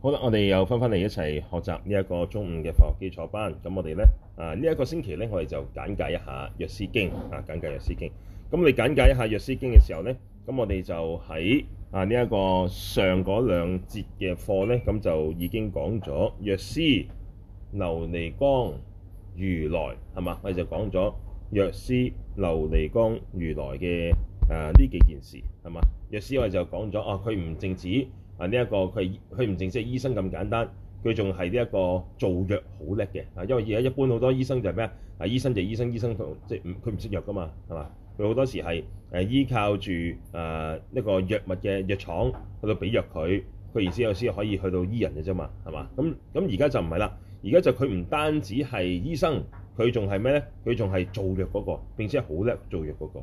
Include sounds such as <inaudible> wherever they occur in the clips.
好啦，我哋又翻翻嚟一齊學習呢一個中午嘅佛學基礎班。咁我哋咧啊，呢一個星期咧，我哋就簡介一下《藥師經》啊。簡介《藥師經》，咁我簡介一下《藥師經》嘅時候咧，咁我哋就喺啊呢一個上嗰兩節嘅課咧，咁就已經講咗藥師琉璃光如來係嘛，我哋就講咗藥師琉璃光如來嘅誒呢幾件事係嘛。藥師我哋就講咗啊，佢唔淨止。啊！呢、這、一個佢係佢唔淨止係醫生咁簡單，佢仲係呢一個做藥好叻嘅。啊，因為而家一般好多醫生就係咩啊？醫生就係醫生，醫生即係佢唔識藥噶嘛，係嘛？佢好多時係誒依靠住誒、啊、一個藥物嘅藥廠去到俾藥佢，佢而家有先可以去到醫人嘅啫嘛，係嘛？咁咁而家就唔係啦，而家就佢唔單止係醫生，佢仲係咩咧？佢仲係做藥嗰、那個，並且係好叻做藥嗰、那個，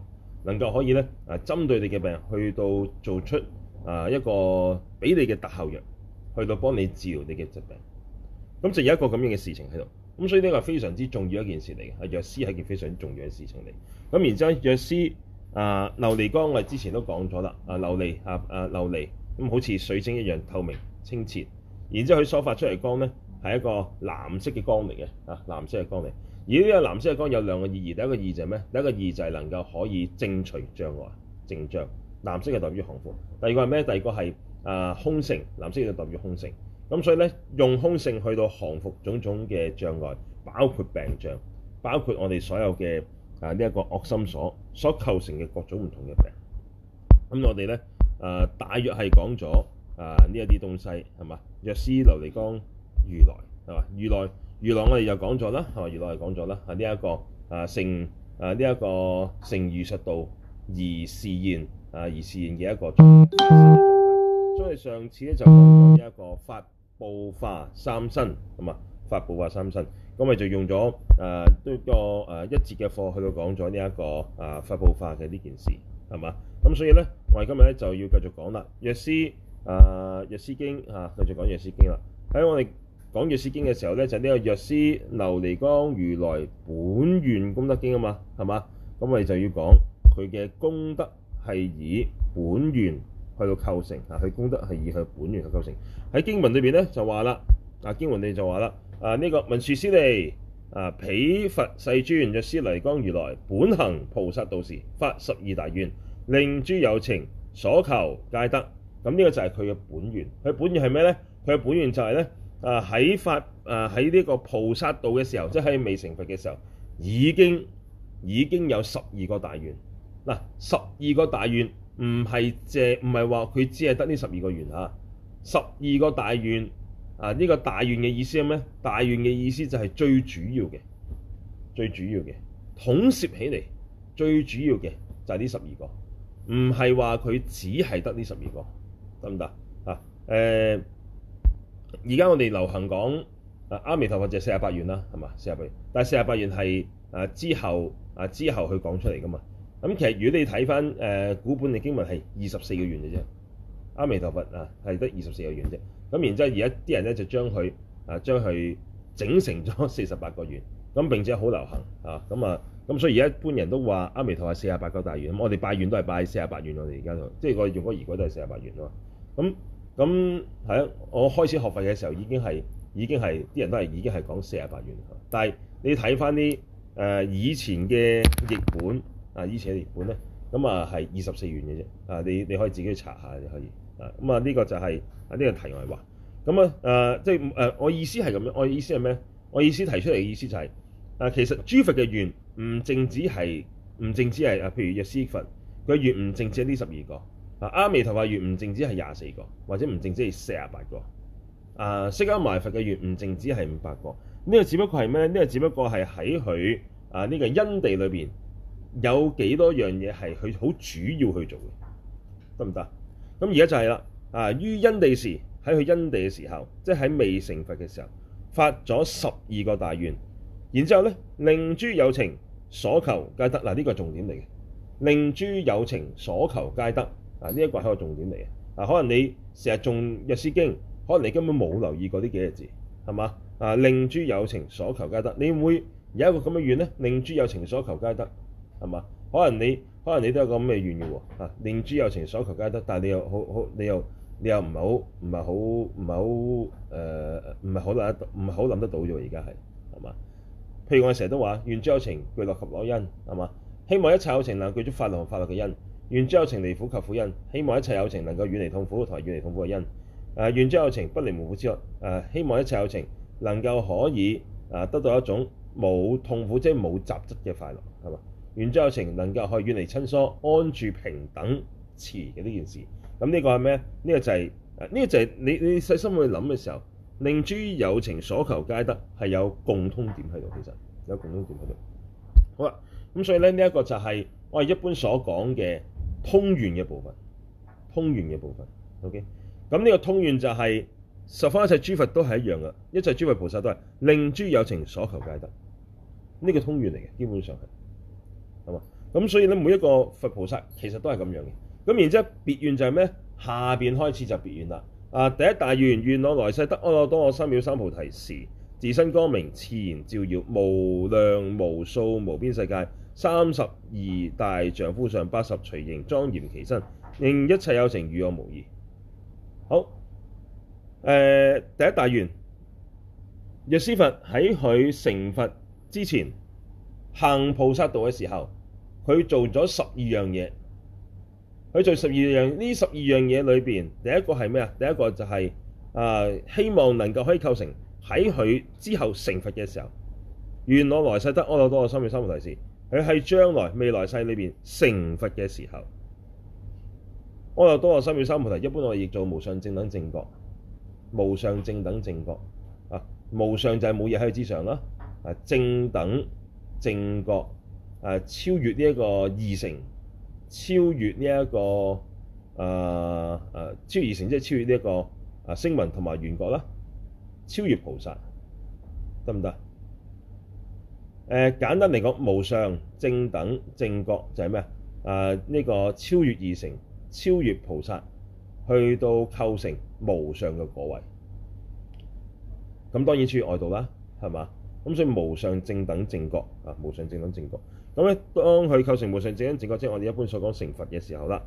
能夠可以咧誒、啊、針對你嘅病人去到做出。啊，一個俾你嘅特效藥，去到幫你治療你嘅疾病，咁就有一個咁樣嘅事情喺度，咁所以呢個非常之重要一件事嚟嘅，係藥師係件非常重要嘅事情嚟。咁然之後，藥師啊，呃，琉璃光我哋之前都講咗啦，啊琉璃啊啊琉璃，咁好似水晶一樣透明清澈，然之後佢所發出嚟光咧係一個藍色嘅光嚟嘅，啊藍色嘅光嚟。而呢個藍色嘅光有兩個意義，第一個意義就係咩？第一個意義就係能夠可以淨除障礙，淨障。藍色係代表於降服，第二個係咩？第二個係啊、呃、空性。藍色就代表於空性咁，所以咧用空性去到降服種種嘅障礙，包括病障，包括我哋所有嘅啊呢一個惡心所所構成嘅各種唔同嘅病。咁我哋咧誒大約係講咗啊呢一啲東西係嘛？藥師琉璃光如來係嘛？如來，如來我哋又講咗啦，係嘛？如來又講咗啦，啊呢一個啊、呃、成啊呢一個成如實道而示現。啊！而示現嘅一個創新嘅狀態，所、啊、以上次咧就講咗呢一個法報化三身咁啊，啊，這個、啊，法報化三身咁咪就用咗誒對個誒一節嘅課去到講咗呢一個啊法報化嘅呢件事係嘛？咁，所以咧我哋今日咧就要繼續講啦。藥師啊，藥師經啊，繼續講藥師經啦。喺我哋講藥師經嘅時候咧，就呢、是、個藥師琉璃光如來本願功德經啊嘛，係嘛？咁我哋就要講佢嘅功德。係以本願去到構成啊！佢功德係以佢本願去構成。喺經文裏邊咧就話啦，啊經文裏就話啦，啊呢、這個文殊師利啊，彼佛世尊藥師琉璃光如來本行菩薩道時，發十二大願，令諸有情所求皆得。咁、啊、呢、這個就係佢嘅本願。佢本願係咩咧？佢嘅本願就係、是、咧，啊喺發啊喺呢個菩薩道嘅時候，即、就、係、是、未成佛嘅時候，已經已經有十二個大願。嗱，十二個大願唔係借唔係話佢只係得呢十二個願啊！十、這、二個大願啊！呢個大願嘅意思係咩？大願嘅意思就係最主要嘅，最主要嘅統攝起嚟最主要嘅就係呢十二個，唔係話佢只係得呢十二個，得唔得啊？誒、呃，而家我哋流行講阿、啊、阿彌陀佛就四十八願啦，係、啊啊、嘛？四十八願，但係四十八願係誒之後誒之後佢講出嚟噶嘛？咁其實，如果你睇翻誒古本嘅經文係二十四個願嘅啫。阿彌陀佛啊，係得二十四個願啫。咁然之後，而家啲人咧就將佢啊將佢整成咗四十八個願，咁並且好流行啊。咁啊咁，所以而家一般人都話阿彌陀係四十八個大願。咁我哋拜願都係拜四十八願。我哋而家就，即係我用嗰個儀軌都係四十八願咯。咁咁係啊，我開始學佛嘅時候已經係已經係啲人都係已經係講四十八願。啊、但係你睇翻啲誒以前嘅譯本。啊，以前喺日本咧，咁啊係二十四元嘅啫。啊，你你可以自己去查下就可以。啊，咁啊呢個就係、是、啊呢、這個題外話。咁啊誒，即係誒，我意思係咁樣。我意思係咩？我意思提出嚟嘅意思就係、是、啊，其實諸佛嘅願唔淨止係唔淨止係啊，譬如藥師佛佢嘅願唔淨止係呢十二個啊，阿彌陀佛願唔淨止係廿四個，或者唔淨止係四十八個啊，釋迦埋佛嘅願唔淨止係五百個。呢、這個只不過係咩？呢、這個只不過係喺佢啊呢、這個因地裏邊。有幾多樣嘢係佢好主要去做嘅，得唔得？咁而家就係啦啊！於因地時喺佢因地嘅時候，即係喺未成佛嘅時候，發咗十二個大願，然之後咧，令諸有情所求皆得嗱，呢個重點嚟嘅。令諸有情所求皆得嗱，呢一個係個重點嚟嘅啊。可能你成日仲讀《藥師經》，可能你根本冇留意過呢幾個字係嘛啊？令諸有情所求皆得，你會有一個咁嘅願咧？令諸有情所求皆得。係嘛？可能你可能你都有個咁嘅願願喎，令諸有情所求皆得。但係你又好好，你又你又唔係好唔係好唔係好誒，唔係好諗得唔係好諗得到咗，啊。而家係係嘛？譬如我成日都話願諸有情具樂及樂因係嘛，希望一切有情能夠具足快樂同快樂嘅因。願諸有情離苦及苦因，希望一切有情能夠遠離痛苦同埋遠離痛苦嘅因。誒，願諸有情不離無苦之樂、呃、希望一切有情能夠可以誒、呃、得到一種冇痛苦即係冇雜質嘅快樂係嘛？願諸有情能夠可以遠離親疏，安住平等慈嘅呢件事。咁呢個係咩？呢個就係、是、誒，呢、這個就係、是、你你細心去諗嘅時候，令諸有情所求皆得係有共通點喺度。其實有共通點喺度。好啦，咁所以咧呢一、這個就係、是、我哋一般所講嘅通願嘅部分。通願嘅部分，OK。咁呢個通願就係十方一切諸佛都係一樣嘅，一切諸佛菩薩都係令諸有情所求皆得。呢個通願嚟嘅，基本上係。咁所以咧，每一個佛菩薩其實都係咁樣嘅。咁然之後，別願就係咩？下邊開始就別願啦。啊，第一大願，願我來世得阿耨多羅三藐三菩提時，自身光明熾然，照耀無量無數無邊世界，三十二大丈夫相，八十隨形莊嚴其身，令一切有情與我無異。好，誒、呃、第一大願。藥師佛喺佢成佛之前行菩薩道嘅時候。佢做咗十二樣嘢，佢做十二樣呢，十二樣嘢裏邊，第一個係咩啊？第一個就係啊，希望能夠可以構成喺佢之後成佛嘅時候，願我來世得阿耨多羅三藐三菩提。佢係將來未來世裏邊成佛嘅時候，阿耨多羅三藐三菩提一般我哋譯做無上正等正覺，無上正等正覺啊，無上就係冇嘢喺佢之上啦，啊，正等正覺。誒超越呢一個二乘，超越呢、這、一個誒誒、呃、超越二乘即係超越呢、這、一個誒聲聞同埋緣覺啦，超越菩薩得唔得？誒、呃、簡單嚟講，無上正等正覺就係咩啊？誒、呃、呢、這個超越二乘，超越菩薩，去到構成無上嘅果位。咁當然超越外道啦，係嘛？咁所以無上正等正覺啊，無上正等正覺。咁咧，當佢構成無上正等正覺，即係我哋一般所講成佛嘅時候啦，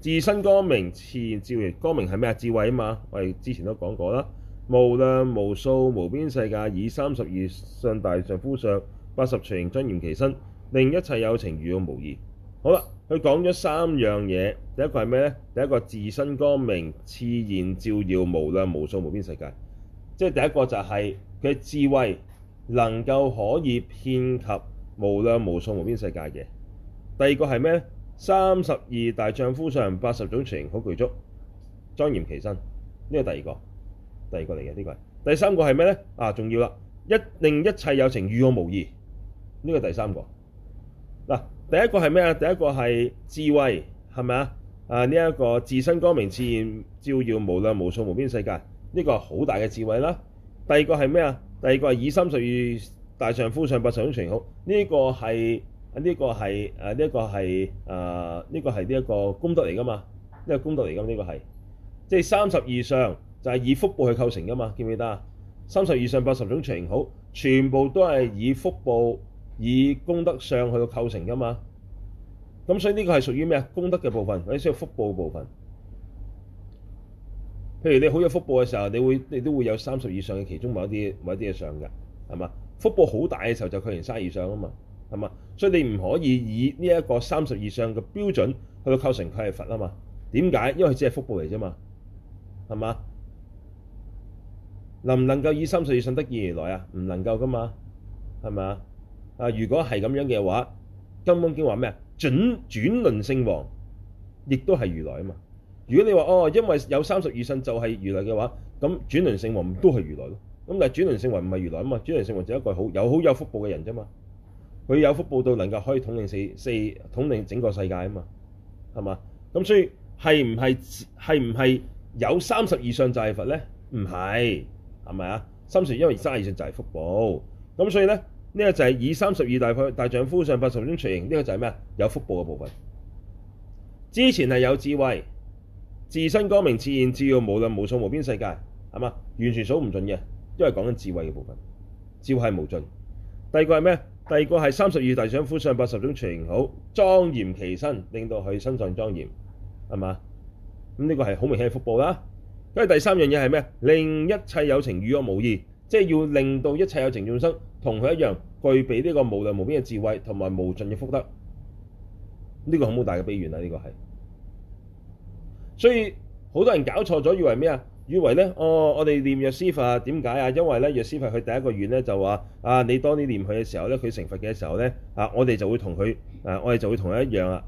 自身光明熾然照耀，光明係咩啊？智慧啊嘛，我哋之前都講過啦。無量無數無邊世界，以三十二相大丈夫相，八十隨形尊嚴其身，令一切有情如我無異。好啦，佢講咗三樣嘢，第一個係咩咧？第一個自身光明熾然照耀，無量無數無邊世界，即係第一個就係佢智慧能夠可以遍及。無量無數無邊世界嘅，第二個係咩咧？三十二大丈夫上八十種情好具足，莊嚴其身，呢個第二個，第二個嚟嘅呢個係第三個係咩咧？啊，重要啦，一令一切有情如我無異，呢個第三個。嗱，第一個係咩啊？第一個係智慧係咪啊？啊呢一個自身光明自然照耀無量無數無邊世界，呢個好大嘅智慧啦。第二個係咩啊？第二個係以心隨。大丈夫相八十種形好，呢個係啊，呢個係啊，呢個係啊，呃，呢個係呢一個功德嚟噶嘛？呢個功德嚟噶呢個係，即係三十二相就係以福報去構成噶嘛？記唔記得啊？三十二相八十種形好，全部都係以福報以功德上去到構成噶嘛？咁所以呢個係屬於咩啊？功德嘅部分，或者需要福報部分。譬如你好有福報嘅時候，你會你都會有三十二相嘅其中某一啲某一啲嘢相嘅係嘛？福報好大嘅時候就構成三十二相啊嘛，係嘛？所以你唔可以以呢一個三十二相嘅標準去到構成佢係佛啊嘛？點解？因為佢只係福報嚟啫嘛，係嘛？能唔能夠以三十二相得見如來啊？唔能夠噶嘛，係咪啊？啊，如果係咁樣嘅話，金剛經話咩啊？轉轉輪聖王亦都係如來啊嘛。如果你話哦，因為有三十二相就係如來嘅話，咁轉輪聖王都係如來咯。咁但係轉輪聖王唔係如來啊嘛，轉輪聖王就一個好有好有福報嘅人啫嘛。佢有福報到能夠可以統領四四統領整個世界啊嘛，係嘛？咁所以係唔係係唔係有三十以上就係佛咧？唔係，係咪啊？三十因為三十以上就係福報咁，所以咧呢、這個就係以三十二大派大丈夫相八十種隨形呢、這個就係咩啊？有福報嘅部分，之前係有智慧自身光明熾然照曜，無量無數無邊世界係嘛，完全數唔盡嘅。因為講緊智慧嘅部分，智慧係無盡。第二個係咩？第二個係三十二大丈夫相八十種隨形好莊嚴其身，令到佢身上莊嚴，係嘛？咁呢個係好明顯嘅福報啦。跟住第三樣嘢係咩？令一切有情如我無異，即係要令到一切有情眾生同佢一樣，具備呢個無量無邊嘅智慧同埋無盡嘅福德。呢個好大嘅悲願啦，啊，呢個係。所以好多人搞錯咗，以為咩啊？以為咧，哦，我哋念藥師佛點解啊？因為咧，藥師佛佢第一個願咧就話：啊，你當你念佢嘅時候咧，佢成佛嘅時候咧，啊，我哋就會同佢，啊，我哋就會同佢一樣啊，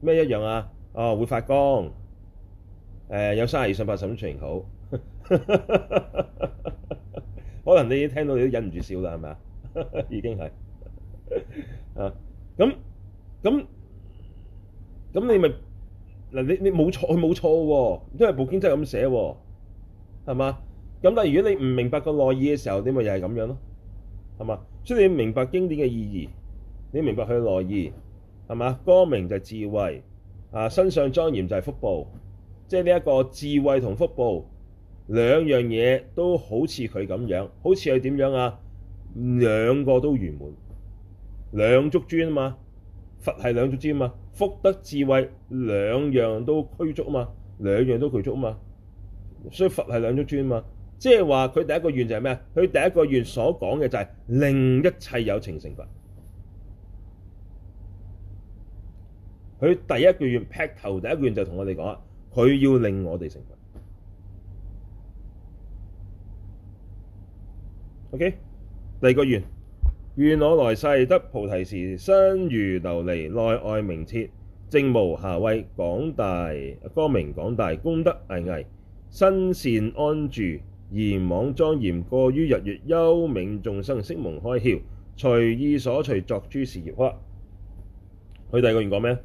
咩一樣啊？哦，會發光，誒、呃，有三十二相八十種隨形好， <laughs> 可能你聽到你都忍唔住笑啦，係咪 <laughs> 經是 <laughs> 啊？已經係啊，咁咁咁你咪嗱，你你冇錯，佢冇錯喎，因為《部經》真係咁寫喎。係嘛？咁但係如果你唔明白個內意嘅時候，你咪又係咁樣咯，係嘛？所以你明白經典嘅意義，你明白佢嘅內意，係嘛？光明就係智慧，啊，身上莊嚴就係福報，即係呢一個智慧同福報兩樣嘢都好似佢咁樣，好似係點樣啊？兩個都圓滿，兩足尊啊嘛，佛係兩足尊啊嘛，福德智慧兩樣都具足啊嘛，兩樣都具足啊嘛。所以佛係兩足尊嘛，即係話佢第一個願就係咩啊？佢第一個願所講嘅就係令一切有情成佛。佢第一個願劈頭第一個願就同我哋講佢要令我哋成佛。O、okay? K，第二個願願我來世得菩提時，身如琉璃，內外明徹，淨無瑕穢，廣大，光明廣大，功德巍巍。身善安住，而妄莊嚴，過於日月幽冥，眾生悉蒙開曉，隨意所隨，作諸事業。屈佢第二個願講咩？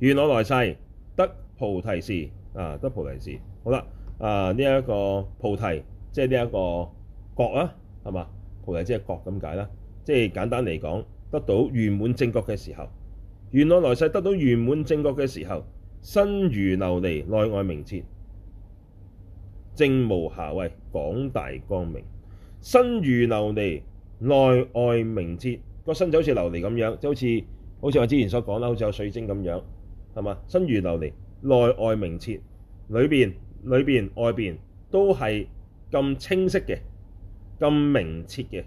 願我來世得菩提時，啊得菩提時，好啦，啊呢一個菩提即係呢一個覺啊，係嘛？菩提即係覺咁解啦，即係簡單嚟講，得到圓滿正覺嘅時候，願我來世得到圓滿正覺嘅時候，身如琉璃，內外明澈。正無瑕穢，廣大光明，身如琉璃，內外明澈。個身就好似琉璃咁樣，就好似好似我之前所講啦，好似有水晶咁樣，係嘛？身如琉璃，內外明澈，裏邊、裏邊、外邊都係咁清晰嘅，咁明澈嘅，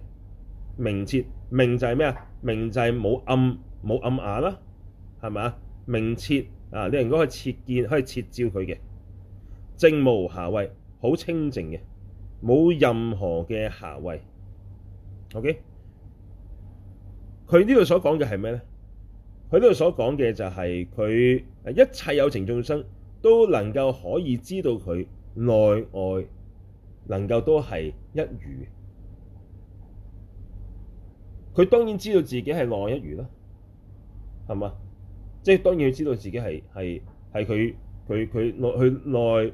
明澈，明就係咩啊？明就係冇暗，冇暗雅啦，係嘛？明澈啊明，你應該可以切見，可以切照佢嘅，正無瑕穢。好清靜嘅，冇任何嘅瑕穢。OK，佢呢度所講嘅係咩咧？佢呢度所講嘅就係佢，一切有情眾生都能夠可以知道佢內外能夠都係一如。佢當然知道自己係內一如啦，係嘛？即係當然要知道自己係係係佢佢佢內佢內。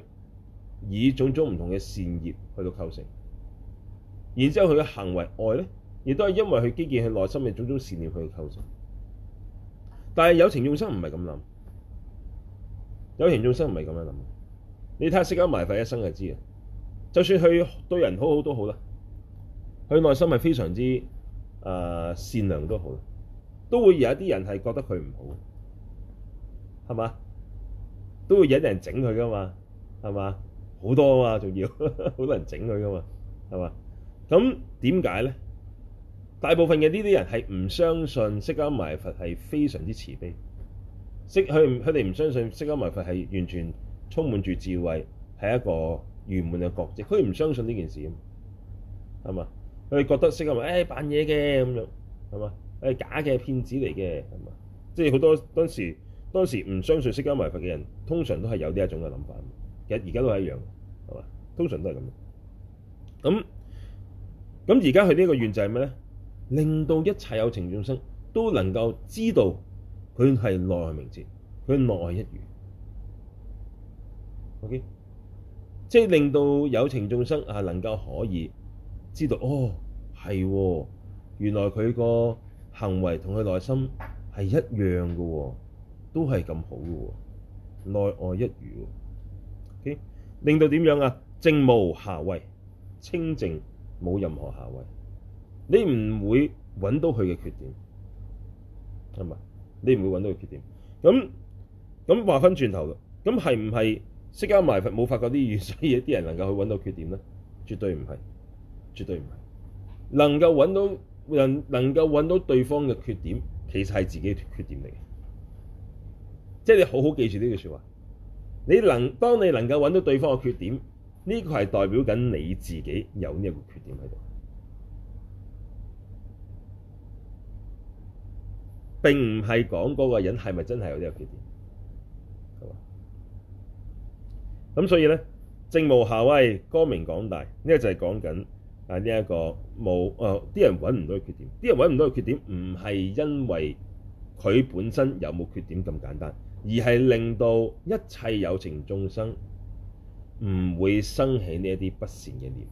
以種種唔同嘅善業去到構成，然之後佢嘅行為愛咧，亦都係因為佢基建佢內心嘅種種善念去到構成。但係有情眾生唔係咁諗，有情眾生唔係咁樣諗。你睇下釋迦牟尼一生就知啊！就算佢對人好好都好啦，佢內心係非常之誒、呃、善良都好啦，都會有一啲人係覺得佢唔好，係嘛？都會有人整佢噶嘛，係嘛？好多啊嘛，仲要好多人整佢噶嘛，係嘛？咁點解咧？大部分嘅呢啲人係唔相信釋迦牟尼佛係非常之慈悲，釋佢佢哋唔相信釋迦牟尼佛係完全充滿住智慧，係一個圓滿嘅覺者，佢唔相信呢件事，係嘛？佢哋覺得釋迦牟尼佛誒扮嘢嘅咁樣，係嘛？誒假嘅騙子嚟嘅，係嘛？即係好多當時當時唔相信釋迦牟尼佛嘅人，通常都係有呢一種嘅諗法。而家都係一樣，係嘛？通常都係咁。咁咁而家佢呢個願就係咩咧？令到一切有情眾生都能夠知道佢係內外明徹，佢內外一如。O.K.，即係令到有情眾生啊，能夠可以知道哦，係原來佢個行為同佢內心係一樣嘅喎，都係咁好嘅喎，內外一如。令到點樣啊？正無下位，清靜，冇任何下位。你唔會揾到佢嘅缺點，係咪？你唔會揾到佢缺點。咁咁話翻轉頭咯。咁係唔係釋迦埋佛冇發覺啲愚蠢所以有啲人能夠去揾到缺點咧，絕對唔係，絕對唔係。能夠揾到人，能夠揾到對方嘅缺點，其實係自己缺點嚟嘅。即係你好好記住呢句説話。你能，當你能夠揾到對方嘅缺點，呢個係代表緊你自己有呢一個缺點喺度，並唔係講嗰個人係咪真係有呢個缺點。咁所以咧，正無下威，光明廣大，呢個就係講緊啊呢一個冇啊啲人揾唔到嘅缺點，啲人揾唔到嘅缺點唔係因為佢本身有冇缺點咁簡單，而係令到一切有情眾生唔會生起呢一啲不善嘅念。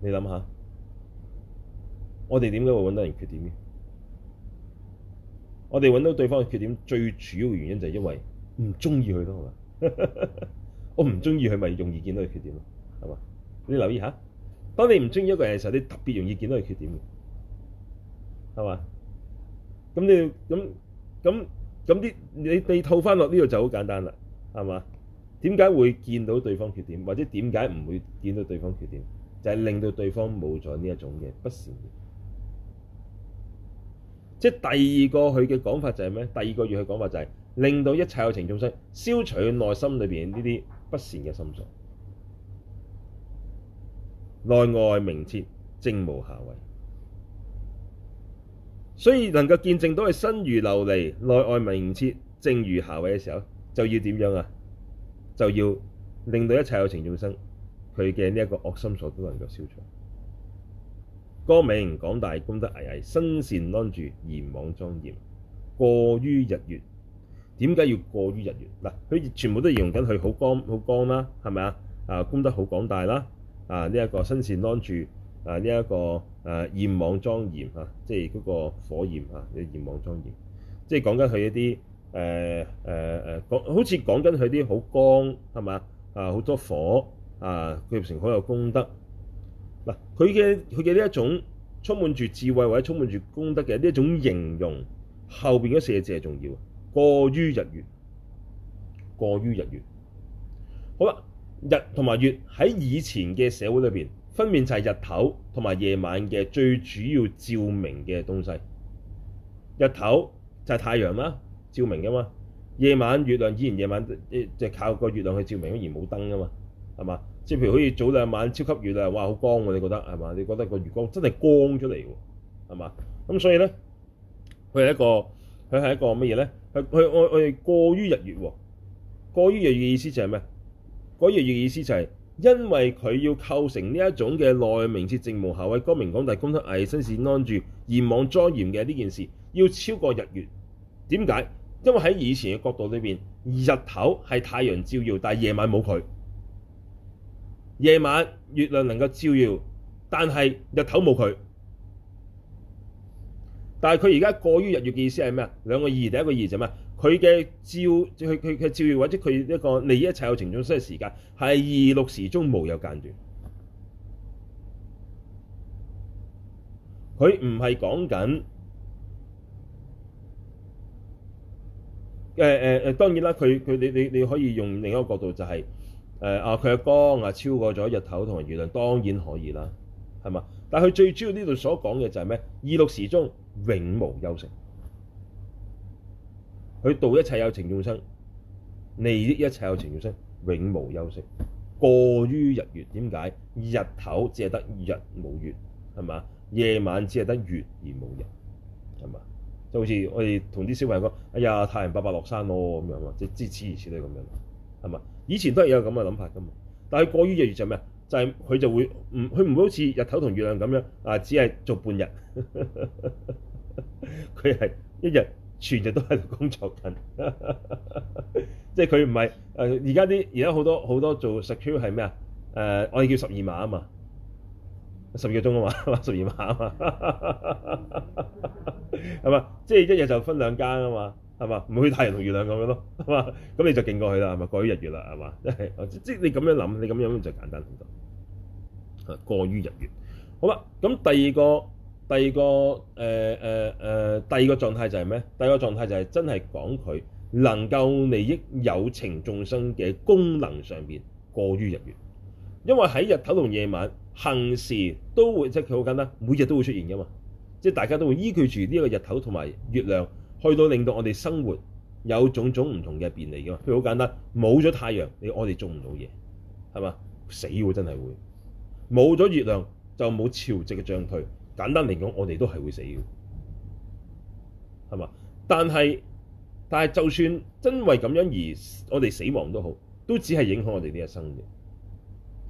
你諗下，我哋點解會搵到人缺點嘅？我哋搵到對方嘅缺點，最主要嘅原因就係因為唔中意佢咯，係嘛？ <laughs> 我唔中意佢，咪、就是、容易見到佢缺點咯，係嘛？你留意下，當你唔中意一個人嘅時候，你特別容易見到佢缺點嘅，係嘛？咁你咁。咁咁啲你哋套翻落呢度就好簡單啦，係嘛？點解會見到對方缺點，或者點解唔會見到對方缺點，就係、是、令到對方冇咗呢一種嘅不善。即係第二個佢嘅講法就係咩？第二個月佢講法就係令到一切有情眾生消除佢內心裏邊呢啲不善嘅心相，內外明澈，淨無瑕穢。所以能夠見證到佢身如琉璃、內外明澈、正如下位嘅時候，就要點樣啊？就要令到一切有情眾生佢嘅呢一個惡心所都能夠消除。光明廣大，功德巍巍，身善安住，焰網莊嚴，過於日月。點解要過於日月？嗱，佢全部都形容緊佢好光好光啦，係咪啊？啊，功德好廣大啦，啊呢一、這個身善安住。啊！呢、這、一個啊，焰網莊嚴嚇、啊，即係嗰個火焰，嚇、呃，嘅焰網莊嚴，即係講緊佢一啲誒誒誒，講好似講緊佢啲好光係嘛啊，好啊多火啊，佢成好有功德。嗱，佢嘅佢嘅呢一種充滿住智慧或者充滿住功德嘅呢一種形容，後邊嗰四個字係重要，過於日月，過於日月。好啦，日同埋月喺以前嘅社會裏邊。分辨就係日頭同埋夜晚嘅最主要照明嘅東西。日頭就係太陽啦，照明噶嘛。夜晚月亮依然夜晚，一即係靠個月亮去照明，依然冇燈噶嘛，係嘛？即係譬如好似早兩晚超級月亮，哇，好光喎、啊！你覺得係嘛？你覺得個月光真係光出嚟喎，係嘛？咁所以咧，佢係一個佢係一個乜嘢咧？佢佢佢佢過於日月喎、啊，過於日月嘅意思就係咩？過於日月嘅意思就係、是。因為佢要構成呢一種嘅內明徹淨無瑕穢，光明廣大功德巍，身善安住，焰網莊嚴嘅呢件事，要超過日月。點解？因為喺以前嘅角度裏邊，日頭係太陽照耀，但係夜晚冇佢；夜晚月亮能夠照耀，但係日頭冇佢。但係佢而家過於日月嘅意思係咩啊？兩個意義，第一個意義就係咩？佢嘅照佢佢佢照耀，或者佢一個利益一切有情眾生嘅時間，係二六時中無有間斷。佢唔係講緊誒誒誒，當然啦，佢佢你你你可以用另一個角度就係誒啊，佢、呃、嘅光啊超過咗日頭同埋月亮，當然可以啦，係嘛？但係佢最主要呢度所講嘅就係咩？二六時中永無休息。佢度一切有情眾生，利益一切有情眾生，永無休息。過於日月，點解？日頭只係得日冇月，係嘛？夜晚只係得月而冇日，係嘛？就好似我哋同啲小朋友講：哎呀，太陽伯伯落山咯，咁樣喎，即係諸如此類咁樣，係嘛？以前都係有咁嘅諗法噶嘛。但係過於日月就咩啊？就係、是、佢就會唔，佢唔會好似日頭同月亮咁樣啊，只係做半日，佢 <laughs> 係一日。全日都喺度工作緊、 <laughs> 呃呃 <laughs> 時， <laughs> <laughs> 即係佢唔係誒而家啲而家好多好多做 secure 係咩啊？誒我哋叫十二碼啊嘛，十二個鐘啊嘛，十二碼啊嘛，係嘛？即係一日就分兩間啊嘛，係嘛？唔會太陽同月亮咁樣咯，係嘛？咁你就勁過去啦，係嘛？過於日月啦，係嘛？即係即係你咁樣諗，你咁樣就簡單好多。過於日月，好啦，咁第二個。第二個誒誒誒，第二個狀態就係咩？第二個狀態就係真係講佢能夠利益有情眾生嘅功能上邊，過於日月，因為喺日頭同夜晚行事都會，即係佢好簡單，每日都會出現噶嘛。即係大家都會依據住呢個日頭同埋月亮去到令到我哋生活有種種唔同嘅便利噶嘛。譬如好簡單，冇咗太陽，你我哋做唔到嘢係嘛？死會真係會冇咗月亮就冇潮汐嘅漲退。簡單嚟講，我哋都係會死嘅，係嘛？但係，但係，就算真為咁樣而我哋死亡都好，都只係影響我哋呢一生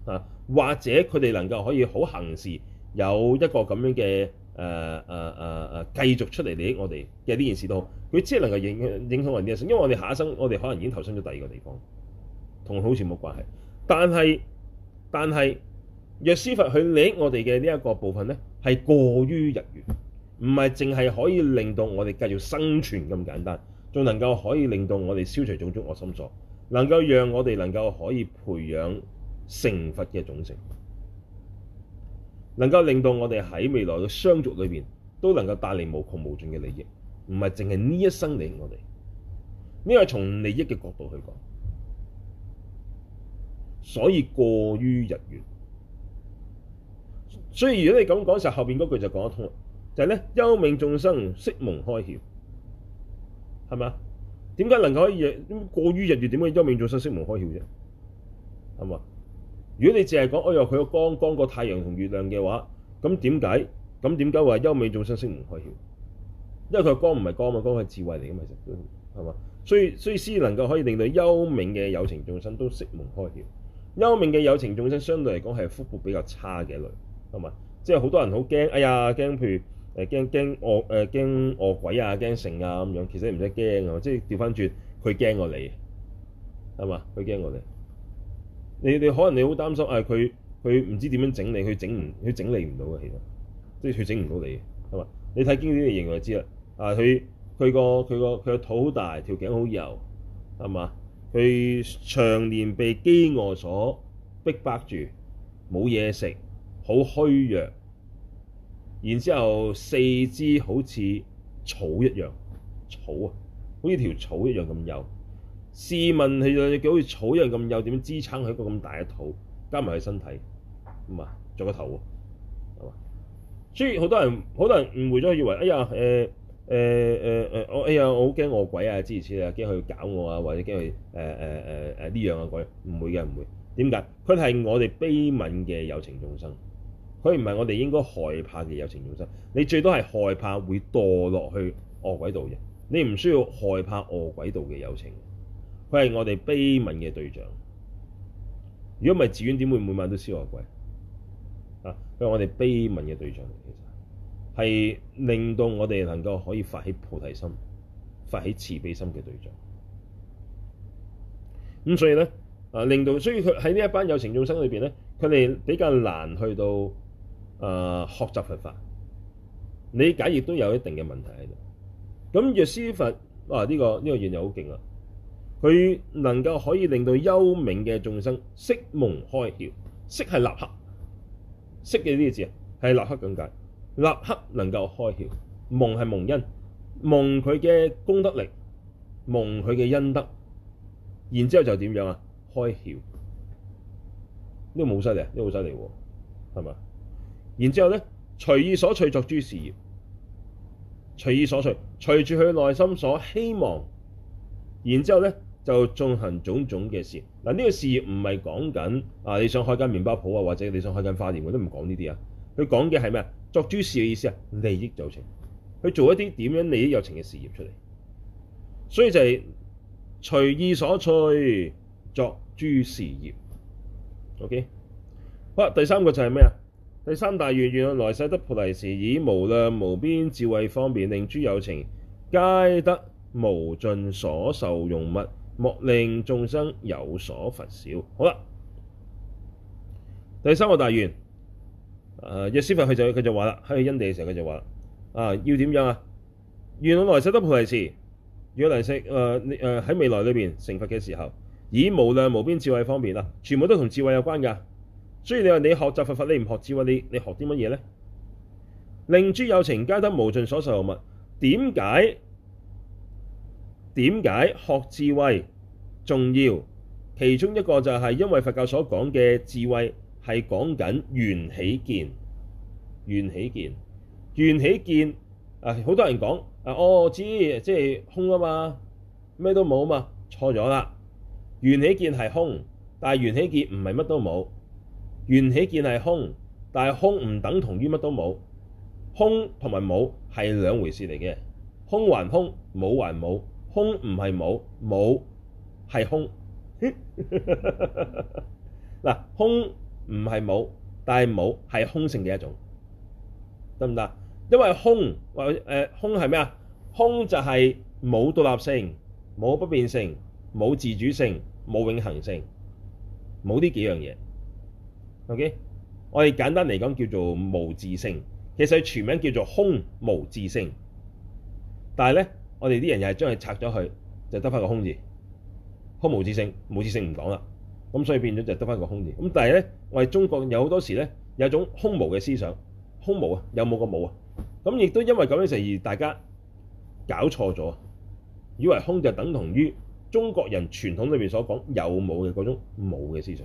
嘅啊。或者佢哋能夠可以好行事，有一個咁樣嘅誒誒誒誒，繼續出嚟利益我哋，嘅呢件事都好，佢只係能夠影響影響我哋呢一生，因為我哋下一生，我哋可能已經投身咗第二個地方，同佢好似冇關係。但係，但係，若施佛去利益我哋嘅呢一個部分咧？係過於日月，唔係淨係可以令到我哋繼續生存咁簡單，仲能夠可以令到我哋消除種種惡心所，能夠讓我哋能夠可以培養成佛嘅種性，能夠令到我哋喺未來嘅相續裏邊都能夠帶嚟無窮無盡嘅利益，唔係淨係呢一生嚟我哋，呢個從利益嘅角度去講，所以過於日月。所以如果你咁講，就後邊嗰句就講得通啦。就係咧，幽冥眾生悉蒙開曉，係咪啊？點解能夠可以過於日月？點可以？幽冥眾生悉蒙開曉啫？係嘛？如果你淨係講哎呀，佢個光光過太陽同月亮嘅話，咁點解咁點解話幽冥眾生悉蒙開曉？因為佢個光唔係光啊，光係智慧嚟嘅，其實係嘛？所以所以先能夠可以令到幽冥嘅有情眾生都悉蒙開曉。幽冥嘅有情眾生相對嚟講係福報比較差嘅一類。係嘛，即係好多人好驚，哎呀，驚譬如誒，驚驚餓誒，驚餓鬼啊，驚青啊咁樣。其實唔使驚啊，即係調翻轉，佢驚過你，係嘛，佢驚過你，你你可能你好擔心啊，佢佢唔知點樣整理，佢整唔佢整理唔到嘅，其實即係佢整唔到你係嘛。你睇經典嘅形容就知啦。啊，佢佢個佢個佢個,個肚好大，條頸好幼係嘛，佢長年被飢餓所逼迫住，冇嘢食。好虛弱，然之後四肢好似草一樣，草啊，好似條草一樣咁幼。試問佢嘅好似草一樣咁幼，點樣支撐佢一個咁大嘅肚，加埋佢身體咁啊，仲個頭啊係嘛。所以好多人好多人誤會咗，以為哎呀誒誒誒誒，我哎呀我好驚餓鬼啊，之類之類啊，驚佢搞我啊，或者驚佢誒誒誒誒呢樣啊嗰樣，唔會嘅，唔會。點解？佢係我哋悲憫嘅有情眾生。所以唔係我哋應該害怕嘅有情眾生，你最多係害怕會墮落去惡鬼道嘅，你唔需要害怕惡鬼道嘅有情，佢係我哋悲憫嘅對象。如果唔係寺院，點會每晚都燒惡鬼？啊，佢係我哋悲憫嘅對象，其實係令到我哋能夠可以發起菩提心、發起慈悲心嘅對象。咁、嗯、所以咧，啊，令到所以佢喺呢一班有情眾生裏邊咧，佢哋比較難去到。誒、啊、學習佛法，理解亦都有一定嘅問題喺度。咁藥師佛哇，呢個呢個願又好勁啊！佢、這個這個、能夠可以令到幽冥嘅眾生識蒙開曉，識係立刻識嘅呢個字啊，係立刻咁解，立刻能夠開曉。蒙係蒙恩，蒙佢嘅功德力，蒙佢嘅恩德，然之後就點樣啊？開曉呢、這個冇犀利，呢、這個好犀利喎，係咪？然之後咧，隨意所取，作諸事業，隨意所取，隨住佢內心所希望，然之後咧就進行種種嘅事業。嗱、這、呢個事業唔係講緊啊，你想開間麵包鋪啊，或者你想開間花店，我都唔講呢啲啊。佢講嘅係咩啊？作諸事嘅意思啊，利益有情，去做一啲點樣利益有情嘅事業出嚟。所以就係、是、隨意所取，作諸事業。OK，好，第三個就係咩啊？第三大願，願來世得菩提時，以無量無邊智慧方便，令諸有情皆得無盡所受用物，莫令眾生有所乏少。好啦，第三個大願，誒、呃，藥師佛佢就佢就話啦，喺因地嘅時候佢就話啦，啊，要點樣啊？願來世得菩提時，如果嚟世，誒誒喺未來裏邊成佛嘅時候，以無量無邊智慧方便啦，全部都同智慧有關噶。所以你話你學習佛法，你唔學智慧，你你學啲乜嘢咧？令諸有情皆得無盡所受物。點解點解學智慧重要？其中一個就係因為佛教所講嘅智慧係講緊緣起見，緣起見，緣起見。啊，好多人講啊、哦，我知即係空啊嘛，咩都冇嘛，錯咗啦。緣起見係空，但係緣起見唔係乜都冇。緣起見係空，但係空唔等同於乜都冇，空同埋冇係兩回事嚟嘅。空還空，冇還冇，空唔係冇，冇係空。嗱， <laughs> 空唔係冇，但係冇係空性嘅一種，得唔得？因為空或誒、呃、空係咩啊？空就係冇獨立性、冇不變性、冇自主性、冇永恆性，冇呢幾樣嘢。O.K. 我哋簡單嚟講叫做無自性，其實全名叫做空無自性。但係咧，我哋啲人又係將佢拆咗去，就得翻個空字，空無自性，無自性唔講啦。咁所以變咗就得翻個空字。咁但係咧，我哋中國有好多時咧，有一種空無嘅思想，空無啊，有冇個冇啊？咁亦都因為咁樣成而大家搞錯咗，以為空就等同於中國人傳統裏邊所講有冇嘅嗰種冇嘅思想。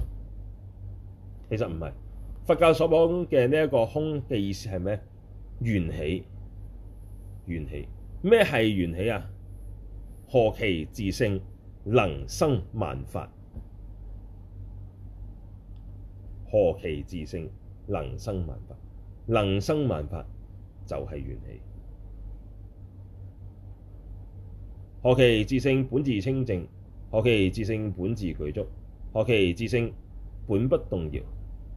其實唔係佛教所講嘅呢一個空嘅意思係咩？緣起，緣起，咩係緣起啊？何其自性能生萬法，何其自性能生萬法，能生萬法就係緣起。何其自性本自清淨，何其自性本自具足，何其自性本不動搖。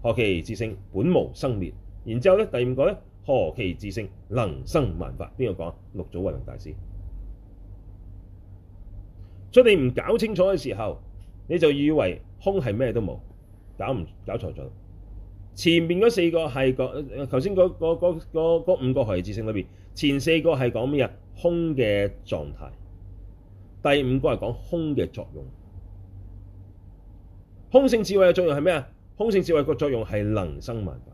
何其自性本無生滅，然之後咧第五個咧何其自性能生萬法。邊個講啊？六祖慧能大師。所以你唔搞清楚嘅時候，你就以為空係咩都冇，搞唔搞錯咗。前面嗰四個係講頭先嗰嗰嗰嗰嗰五個何其自性裏邊，前四個係講咩啊？空嘅狀態，第五個係講空嘅作用。空性智慧嘅作用係咩啊？空性智慧個作用係能生萬法。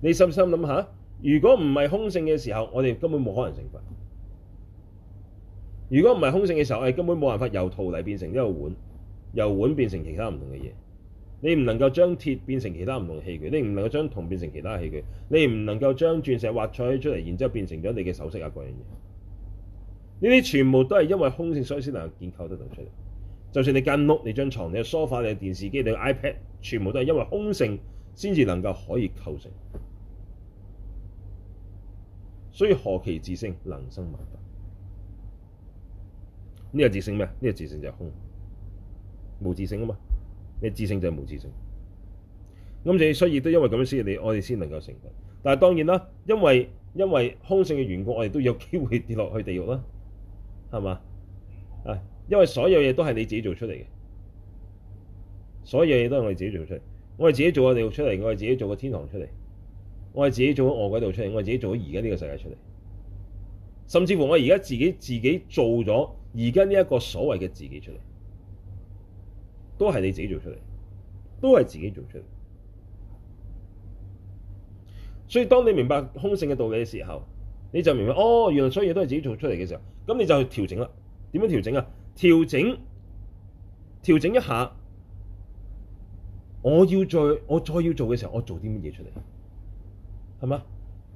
你深唔深諗下？如果唔係空性嘅時候，我哋根本冇可能成佛。如果唔係空性嘅時候，誒根本冇辦法由陶泥變成一個碗，由碗變成其他唔同嘅嘢。你唔能夠將鐵變成其他唔同嘅器具，你唔能夠將銅變成其他器具，你唔能夠將鑽石挖取出嚟，然之後變成咗你嘅首飾啊，嗰樣嘢。呢啲全部都係因為空性，所以先能夠建構得到出嚟。就算你間屋、你張床、你個梳化、你個電視機、你個 iPad，全部都係因為空性，先至能夠可以構成。所以何其自性，能生萬法。呢個自性咩？呢個自性就係空，冇自性啊嘛。你自性就係冇自性。咁所以所以都因為咁樣先，你我哋先能夠成佛。但係當然啦，因為因為空性嘅緣故，我哋都有機會跌落去地獄啦，係嘛啊？哎因為所有嘢都係你自己做出嚟嘅，所有嘢都係我哋自己做出嚟。我哋自己做個地獄出嚟，我哋自己做個天堂出嚟，我哋自己做個餓鬼道出嚟，我哋自己做咗而家呢個世界出嚟。甚至乎我而家自己自己做咗而家呢一個所謂嘅自己出嚟，都係你自己做出嚟，都係自己做出嚟。所以當你明白空性嘅道理嘅時候，你就明白哦，原來所有嘢都係自己做出嚟嘅時候，咁你就去調整啦。點樣調整啊？調整調整一下，我要再我再要做嘅時候，我做啲乜嘢出嚟？係嘛？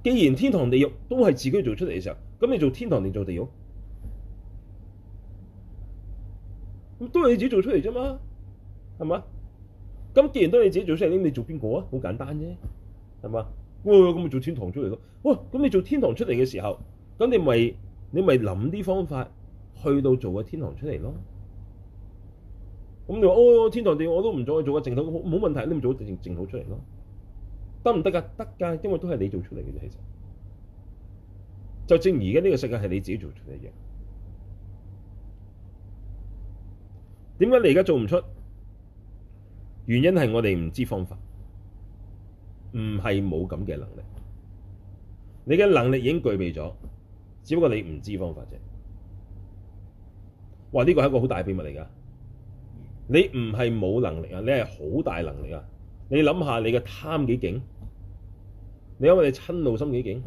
既然天堂地獄都係自己做出嚟嘅時候，咁你做天堂定做地獄？咁都係你自己做出嚟啫嘛，係嘛？咁既然都係你自己做出嚟，咁你做邊個啊？好簡單啫，係嘛？哇、哦！咁咪做天堂出嚟咯。哇！咁你做天堂出嚟嘅、哦、時候，咁你咪你咪諗啲方法。去到做個天堂出嚟咯，咁、嗯、你話，哦，天堂地我都唔做，做個淨土冇問題，你咪做個淨土出嚟咯，得唔得噶？得噶，因為都係你做出嚟嘅啫，其實就正如而家呢個世界係你自己做出嚟嘅，點解你而家做唔出？原因係我哋唔知方法，唔係冇咁嘅能力，你嘅能力已經具備咗，只不過你唔知方法啫。哇！呢個係一個好大秘密嚟㗎。你唔係冇能力啊，你係好大能力啊。你諗下你嘅貪幾勁？你諗下你親怒心幾勁？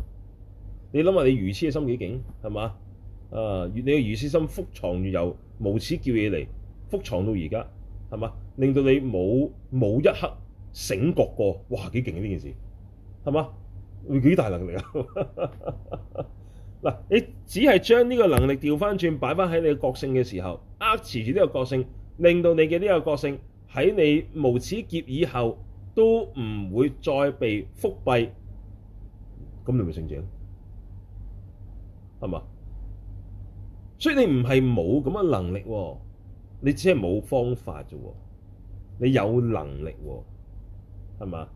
你諗下你愚痴嘅心幾勁？係嘛？啊，你嘅愚痴心覆藏越由，無始劫以嚟覆藏到而家，係嘛？令到你冇冇一刻醒覺過。哇！幾勁呢件事，係嘛？你幾大能力啊！ <laughs> 嗱，你只係將呢個能力調翻轉，擺翻喺你個個性嘅時候，握持住呢個個性，令到你嘅呢個個性喺你無始劫以後都唔會再被覆蔽，咁你咪聖者，係嘛？所以你唔係冇咁嘅能力喎、哦，你只係冇方法啫喎、哦，你有能力喎、哦，係嘛？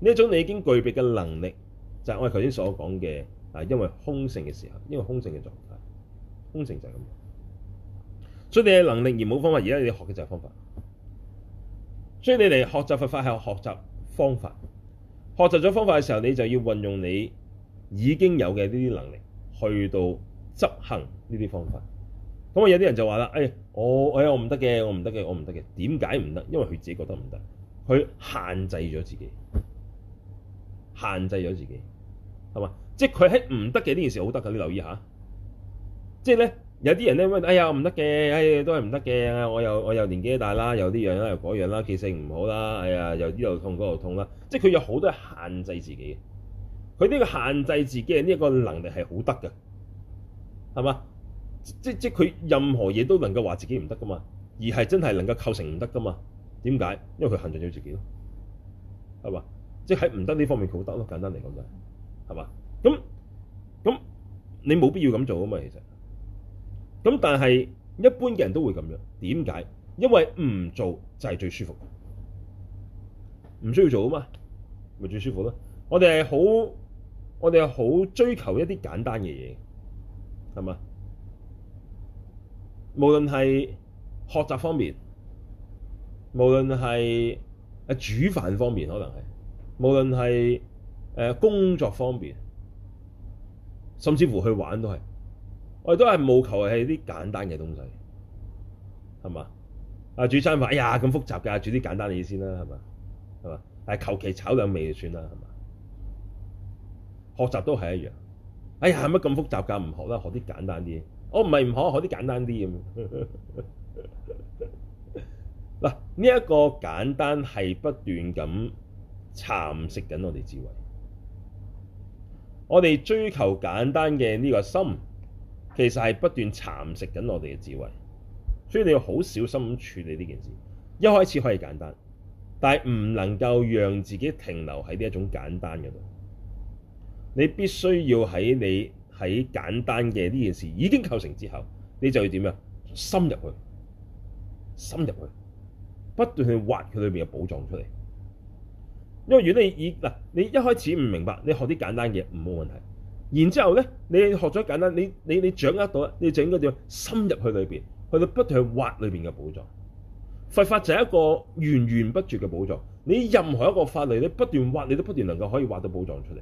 呢一種你已經具備嘅能力，就係、是、我哋頭先所講嘅。係因為空性嘅時候，因為空性嘅狀態，空性就係咁。所以你嘅能力而冇方法，而家你學嘅就係方法。所以你哋學習佛法係學習方法。學習咗方法嘅時候，你就要運用你已經有嘅呢啲能力去到執行呢啲方法。咁啊，有啲人就話啦：誒、哎，我誒我唔得嘅，我唔得嘅，我唔得嘅。點解唔得？因為佢自己覺得唔得，佢限制咗自己，限制咗自己，係嘛？即係佢喺唔得嘅呢件事好得噶，你留意下。即係咧，有啲人咧，哎呀唔得嘅，哎都係唔得嘅。我又我又年紀大啦，又呢樣又嗰樣啦，記性唔好啦，哎呀又呢度痛嗰度痛啦。即係佢有好多限制自己嘅。佢呢個限制自己嘅呢一個能力係好得嘅，係嘛？即即佢任何嘢都能夠話自己唔得噶嘛，而係真係能夠構成唔得噶嘛？點解？因為佢限制咗自己咯，係嘛？即係喺唔得呢方面好得咯，簡單嚟講就係，係嘛？咁咁，你冇必要咁做啊嘛，其實。咁但係一般嘅人都會咁樣，點解？因為唔做就係最舒服，唔需要做啊嘛，咪最舒服咯。我哋係好，我哋係好追求一啲簡單嘅嘢，係嘛？無論係學習方面，無論係啊煮飯方面，可能係，無論係誒工作方面。甚至乎去玩都係，我哋都係務求係啲簡單嘅東西，係嘛？啊煮餐飯，哎呀咁複雜㗎，煮啲簡單嘅嘢先啦，係嘛？係嘛？但係求其炒兩味就算啦，係嘛？學習都係一樣，哎呀乜咁複雜㗎，唔學啦，學啲簡單啲。我唔係唔學，學啲簡單啲咁。嗱，呢一個簡單係不斷咁蠶食緊我哋智慧。我哋追求簡單嘅呢個心，其實係不斷蠶食緊我哋嘅智慧，所以你要好小心咁處理呢件事。一開始可以簡單，但係唔能夠讓自己停留喺呢一種簡單嘅度。你必須要喺你喺簡單嘅呢件事已經構成之後，你就要點啊？深入去，深入去，不斷去挖佢裏面嘅寶藏出嚟。因為如果你以嗱，你一開始唔明白，你學啲簡單嘢唔冇問題。然之後咧，你學咗簡單，你你你掌握到，你就應該深入去裏邊，去到不斷去挖裏邊嘅寶藏。佛法就係一個源源不絕嘅寶藏。你任何一個法例，你不斷挖，你都不斷能夠可以挖到寶藏出嚟。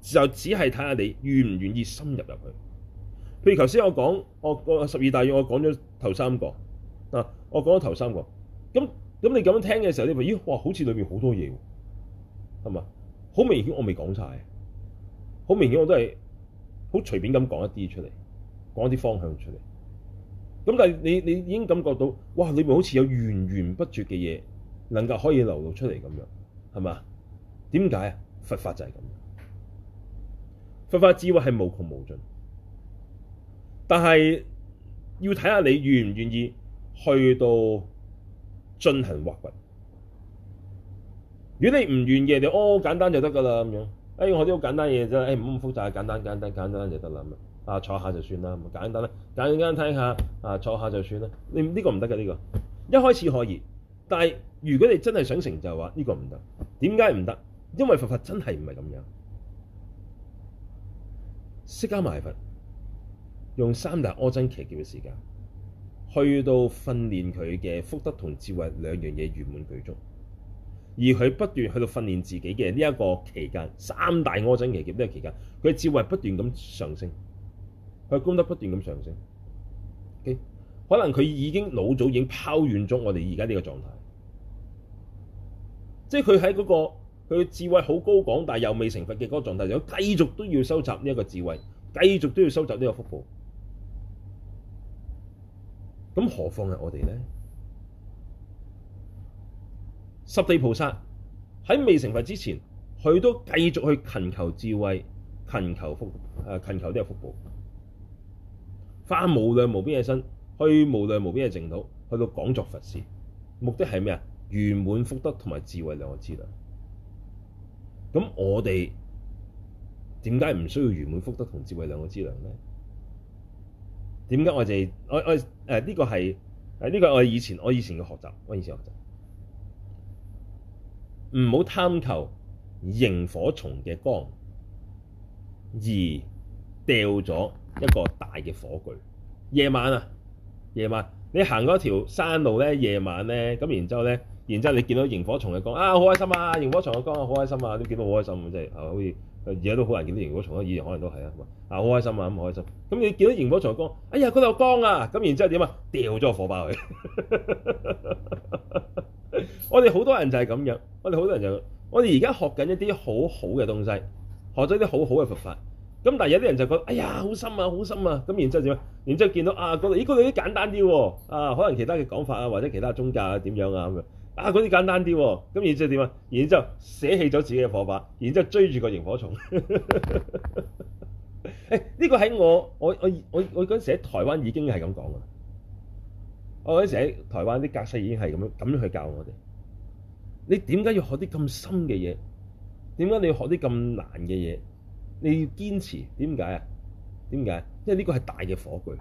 就只係睇下你願唔願意深入入去。譬如頭先我講，我個十二大願，我講咗頭三個嗱，我講咗頭三個。咁、啊、咁你咁樣聽嘅時候，你話咦，哇，好似裏邊好多嘢。係嘛？好明顯我，我未講晒。好明顯，我都係好隨便咁講一啲出嚟，講啲方向出嚟。咁但係你你已經感覺到，哇！裏面好似有源源不絕嘅嘢，能夠可以流露出嚟咁樣，係嘛？點解啊？佛法就係咁樣。佛法智慧係無窮無盡，但係要睇下你願唔願意去到進行挖掘。如果你唔願意，你哦簡單就得噶啦咁樣。誒、哎，我啲好簡單嘢啫，誒唔咁複雜，簡單簡單簡單就得啦咁啊，坐下就算啦咁簡單啦，簡單睇下啊，坐下就算啦。你呢、呢個唔得嘅呢個，一開始可以，但係如果你真係想成就嘅話，呢、呢個唔得。點解唔得？因為佛法真係唔係咁樣。釋迦牟尼佛用三大阿僧祇劫嘅時間，去到訓練佢嘅福德同智慧兩樣嘢圓滿具足。而佢不斷去到訓練自己嘅呢一個期間，三大阿僧祇劫呢個期間，佢嘅智慧不斷咁上升，佢嘅功德不斷咁上升。Okay? 可能佢已經老早已經拋遠咗我哋而家呢個狀態，即係佢喺嗰個佢智慧好高廣，但係又未成佛嘅嗰個狀態，仲要繼續都要收集呢一個智慧，繼續都要收集呢個福報。咁何況係我哋咧？十地菩薩喺未成佛之前，佢都繼續去勤求智慧、勤求福誒、勤求啲嘅、啊、福報，化無量無邊嘅身去無量無邊嘅淨土，去到講作佛事，目的係咩啊？圓滿福德同埋智慧兩個資糧。咁我哋點解唔需要圓滿福德同智慧兩個資糧咧？點解我哋我我誒呢、呃這個係誒呢個我以前我以前嘅學習，我以前嘅學習。唔好貪求螢火蟲嘅光，而掉咗一個大嘅火炬。夜晚啊，夜晚你行嗰條山路咧，夜晚咧，咁然之後咧，然之後你見到螢火蟲嘅光，啊好開心啊！螢火蟲嘅光啊，好開心啊！都見到好開心，即係啊，好似而家都好難見到螢火蟲啊。以前可能都係啊，啊好開心啊，咁好開心。咁你見到螢火蟲嘅光，哎呀，嗰度有光啊！咁然之後點啊？掉咗個火包去。 <laughs> 我哋好多人就係咁樣，我哋好多人就係，我哋而家學緊一啲好好嘅東西，學咗啲好好嘅佛法，咁但係有啲人就覺得，哎呀，好深啊，好深啊，咁然之後點啊？然之後見到啊，嗰度，咦，嗰度啲簡單啲喎，啊，啊，可能其他嘅講法啊，或者其他宗教啊，點樣啊咁樣，啊，嗰啲簡單啲，咁然之後點啊？然之後，後捨棄咗自己嘅佛法，然之後追住個螢火蟲。呢， <laughs> 哎，呢個喺我我我我我嗰陣時喺台灣已經係咁講噶啦。我嗰時喺台灣啲教師已經係咁樣咁樣去教我哋。你點解要學啲咁深嘅嘢？點解你要學啲咁難嘅嘢？你要堅持點解啊？點解？因為呢個係大嘅火炬，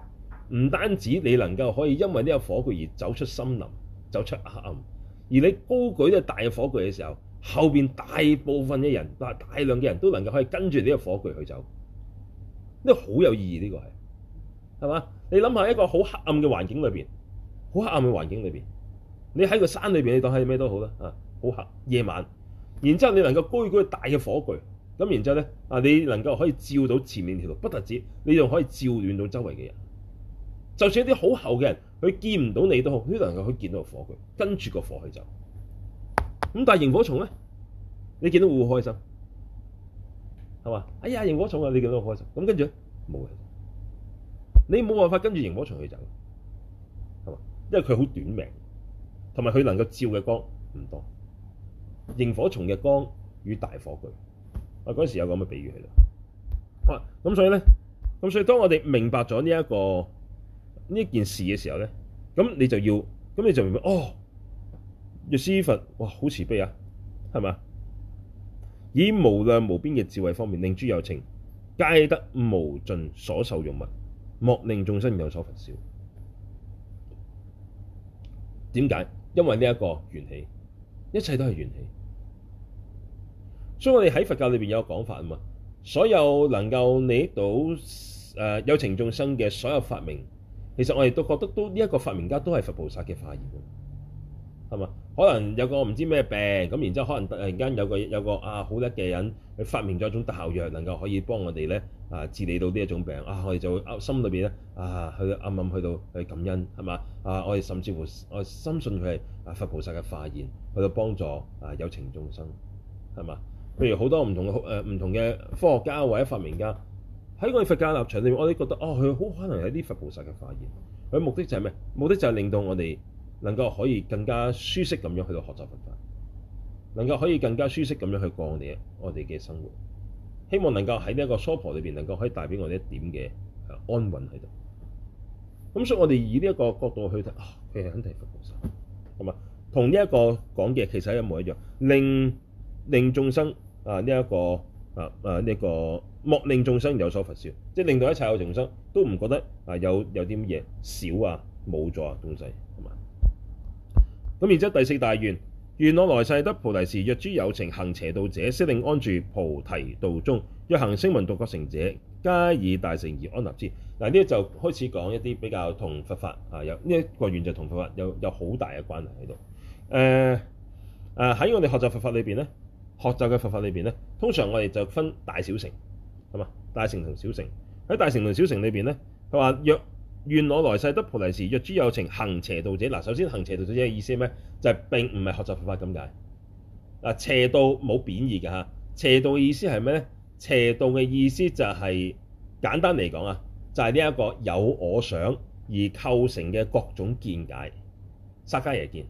唔單止你能夠可以因為呢個火炬而走出森林、走出黑暗，而你高舉呢個大嘅火炬嘅時候，後邊大部分嘅人、大量嘅人都能夠可以跟住呢個火炬去走，呢個好有意義。呢個係係嘛？你諗下一個好黑暗嘅環境裏邊。好黑暗嘅環境裏邊，你喺個山裏邊，你當係咩都好啦，啊，好黑夜晚，然之後你能夠舉舉大嘅火炬，咁然之後咧，啊，你能夠可以照到前面條路，不但止，你仲可以照暖到周圍嘅人。就算一啲好厚嘅人，佢見唔到你都好，佢都能夠去見到個火炬，跟住個火去走。咁但係螢火蟲咧，你見到會唔會開心？係嘛？哎呀，螢火蟲啊，你見到會開心。咁跟住咧冇嘅，你冇辦法跟住螢火蟲去走。因為佢好短命，同埋佢能夠照嘅光唔多。螢火蟲嘅光與大火炬，啊嗰時有咁嘅比喻嚟啦。啊，咁、啊、所以咧，咁所以當我哋明白咗呢一個呢一件事嘅時候咧，咁你就要，咁你就明白哦，藥師佛，哇，好慈悲啊，係咪？以無量無邊嘅智慧方面，令諸有情皆得無盡所受用物，莫令眾生有所乏少。點解？因為呢一個緣起，一切都係緣起。所以我哋喺佛教裏邊有個講法啊嘛。所有能夠利益到誒有情眾生嘅所有發明，其實我哋都覺得都呢一個發明家都係佛菩薩嘅化現係嘛？可能有個唔知咩病咁，然之後可能突然間有個有個啊好叻嘅人去發明咗一種特效藥，能夠可以幫我哋咧。啊，治理到呢一種病，啊，我哋就會心裏邊咧，啊，去暗暗去到去感恩，係嘛？啊，我哋甚至乎我深信佢係啊佛菩薩嘅化現，去到幫助啊有情眾生，係嘛？譬如好多唔同嘅誒唔同嘅科學家或者發明家，喺我哋佛教立場裏面，我哋覺得哦，佢好可能係啲佛菩薩嘅化現，佢目的就係咩？目的就係令到我哋能夠可以更加舒適咁樣去到學習佛法，能夠可以更加舒適咁樣去過我哋我哋嘅生活。希望能夠喺呢一個娑婆裏邊能夠可以帶俾我哋一點嘅安穩喺度。咁所以，我哋以呢一個角度去睇，佢、哦、係肯定佛菩薩，同埋同呢一個講嘅其實一模一樣，令令眾生啊呢一、這個啊啊呢、這個，莫令眾生有所乏少，即係令到一切有眾生都唔覺得啊有有啲乜嘢少啊冇咗啊東西，咁啊。咁然之後，第四大願。願我來世得菩提時，若諸有情行邪道者，悉令安住菩提道中；若行聲聞獨覺乘者，皆以大乘而安立之。嗱，呢就開始講一啲比較同佛法啊，有呢一原就同佛法有有好大嘅關係喺度。誒、呃、誒，喺、呃、我哋學習佛法裏邊咧，學習嘅佛法裏邊咧，通常我哋就分大小乘，係嘛，大乘同小乘。喺大乘同小乘裏邊咧，佢話若願我來世得菩提時，若諸有情，行邪道者，嗱，首先行邪道者嘅意思咩？就係並唔係學習佛法咁解。啊，邪道冇貶義嘅嚇，邪道嘅意思係咩咧？邪道嘅意思就係簡單嚟講啊，就係呢一個有我想而構成嘅各種見解。薩迦耶見、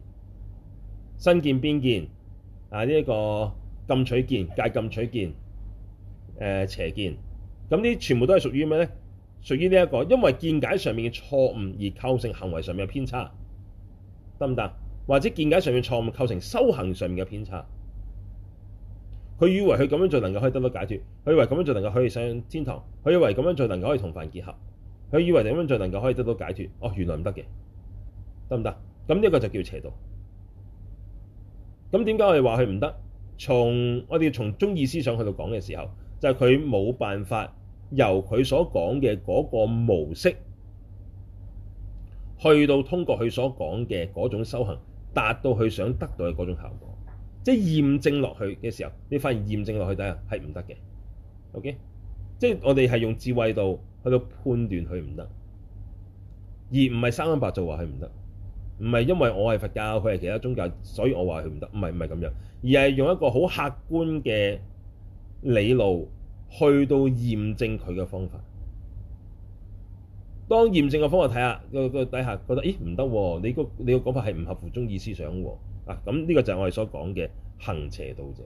身見、邊見啊，呢一個禁取見、戒禁取見、誒邪見，咁呢全部都係屬於咩咧？屬於呢一個，因為見解上面嘅錯誤而構成行為上面嘅偏差，得唔得？或者見解上面錯誤構成修行上面嘅偏差，佢以為佢咁樣做能夠可以得到解脱，佢以為咁樣做能夠可以上天堂，佢以為咁樣做能夠可以同犯結合，佢以為咁樣做能夠可以得到解脱，哦，原來唔得嘅，得唔得？咁呢個就叫邪道。咁點解我哋話佢唔得？從我哋要從中意思想去到講嘅時候，就係佢冇辦法。由佢所講嘅嗰個模式，去到通過佢所講嘅嗰種修行，達到佢想得到嘅嗰種效果，即係驗證落去嘅時候，你發現驗證落去底下係唔得嘅。OK，即係我哋係用智慧度去到判斷佢唔得，而唔係三哼八做話佢唔得，唔係因為我係佛教，佢係其他宗教，所以我話佢唔得，唔係唔係咁樣，而係用一個好客觀嘅理路。去到驗證佢嘅方法，當驗證嘅方法睇下個個底下覺得，咦唔得喎！你個你個講法係唔合乎中意思想喎啊！咁呢個就係我哋所講嘅行邪道者，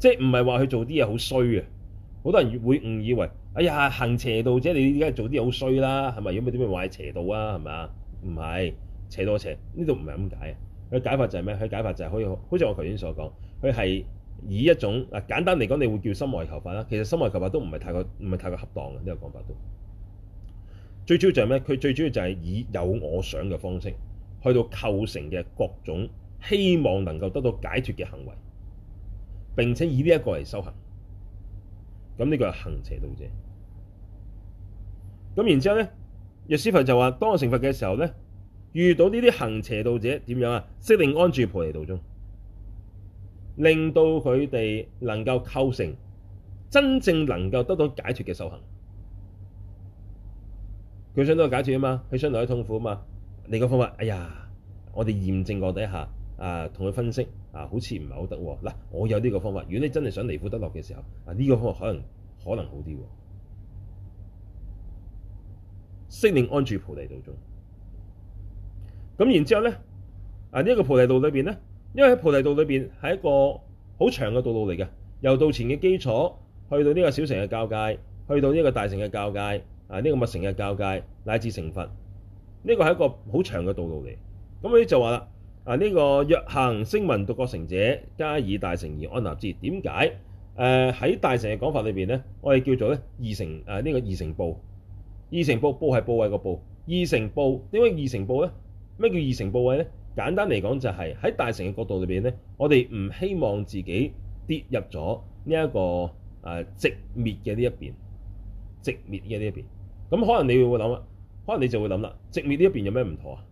即係唔係話佢做啲嘢好衰嘅？好多人會誤以為，哎呀行邪道者，你而家做啲嘢好衰啦，係咪？如果唔係點會話係邪道啊？係咪啊？唔係邪多邪，呢度唔係咁解啊！佢解法就係咩？佢解法就係可以，好似我頭先所講，佢係。以一種啊簡單嚟講，你會叫心外求法啦。其實心外求法都唔係太過唔係太過恰當嘅呢個講法都。最主要就係、是、咩？佢最主要就係以有我想嘅方式，去到構成嘅各種希望能夠得到解脫嘅行為。並且以呢一個嚟修行。咁、這、呢個係行邪道者。咁然之後咧，藥師佛就話：當我成佛嘅時候咧，遇到呢啲行邪道者點樣啊？悉令安住菩提道中。令到佢哋能夠構成真正能夠得到解脱嘅修行，佢想得到解脱啊嘛，佢想離開痛苦啊嘛。你個方法，哎呀，我哋驗證過底下啊，同佢分析啊，好似唔係好得喎。嗱，我有呢個方法，如果你真係想離苦得樂嘅時候，啊呢、這個方法可能可能好啲、啊。悉令安住菩提道中，咁然之後咧啊，這個、呢個菩提道裏邊咧。因為喺菩提道裏邊係一個好長嘅道路嚟嘅，由道前嘅基礎去到呢個小乘嘅交界，去到呢個大乘嘅交界，啊、這、呢個密乘嘅交界乃至成佛，呢、這個係一個好長嘅道路嚟。咁佢就話啦：啊、這、呢個若行聲聞獨覺乘者，加以大乘而安立之。點解？誒、呃、喺大乘嘅講法裏邊咧，我哋叫做咧二乘誒呢個二乘報，二乘報報係報位個報，二乘報點解二乘報咧？咩叫二乘報位咧？簡單嚟講就係、是、喺大乘嘅角度裏邊咧，我哋唔希望自己跌入咗呢一個誒寂滅嘅呢一邊，寂滅嘅呢一邊。咁、嗯、可能你會諗啊，可能你就會諗啦，寂滅呢一邊有咩唔妥啊？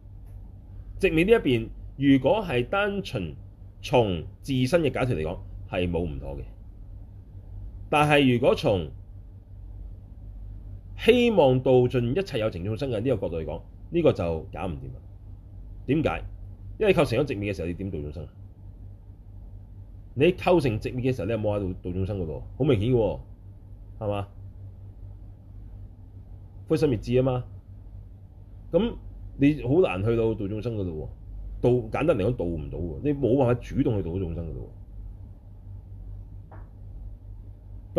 寂滅呢一邊，如果係單純從自身嘅解脫嚟講，係冇唔妥嘅。但係如果從希望度盡一切有情眾生嘅呢個角度嚟講，呢、這個就搞唔掂啦。點解？因為構成咗直面嘅時候，你點度眾生？你構成直面嘅時候，你冇喺度度眾生嗰度，好明顯嘅，係嘛？灰心滅智啊嘛。咁你好難去到度眾生嗰度，度簡單嚟講，度唔到嘅。你冇辦法主動去度到眾生嘅。